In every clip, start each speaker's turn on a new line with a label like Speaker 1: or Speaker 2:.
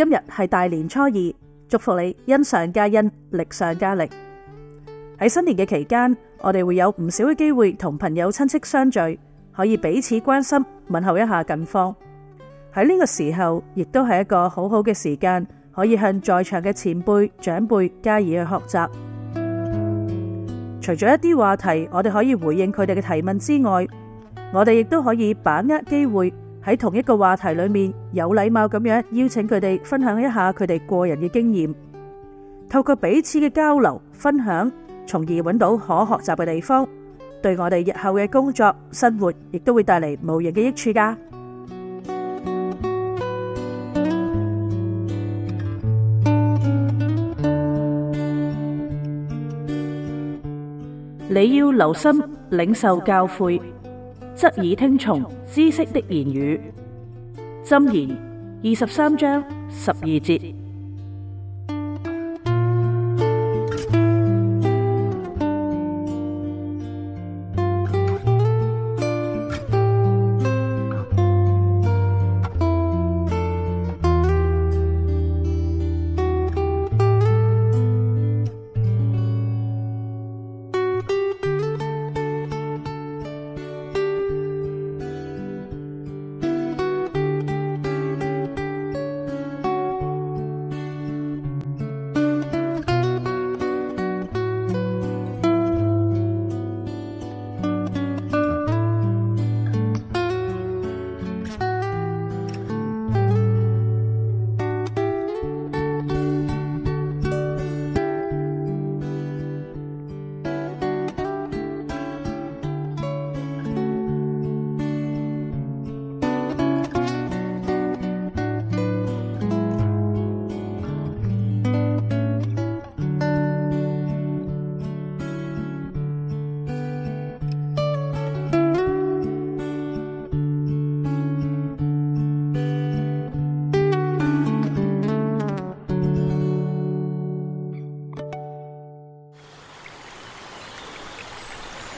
Speaker 1: 今日係大年初二，祝福你恩上加恩，力上加力。喺新年嘅期間，我哋會有唔少嘅機會同朋友、親戚相聚，可以彼此關心問候一下近況。喺呢個時候，亦都係一個好好嘅時間，可以向在場嘅前輩、長輩加以去學習。除咗一啲話題，我哋可以回應佢哋嘅提問之外，我哋亦都可以把握機會。喺同一個話題裏面，有禮貌咁樣邀請佢哋分享一下佢哋個人嘅經驗，透過彼此嘅交流分享，從而搵到可學習嘅地方，對我哋日後嘅工作生活亦都會帶嚟無形嘅益處噶。你要留心領受教誨。側耳聽從知識的言語，箴言二十三章十二節。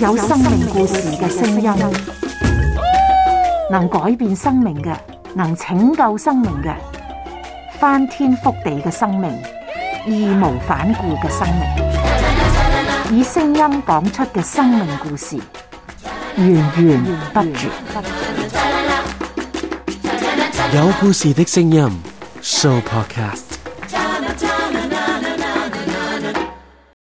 Speaker 1: 有生命故事嘅聲音，能改變生命嘅，能拯救生命嘅，翻天覆地嘅生命，義無反顧嘅生命，以聲音講出嘅生命故事，
Speaker 2: 源源不絕。有故事的聲音，Sooo Podcast。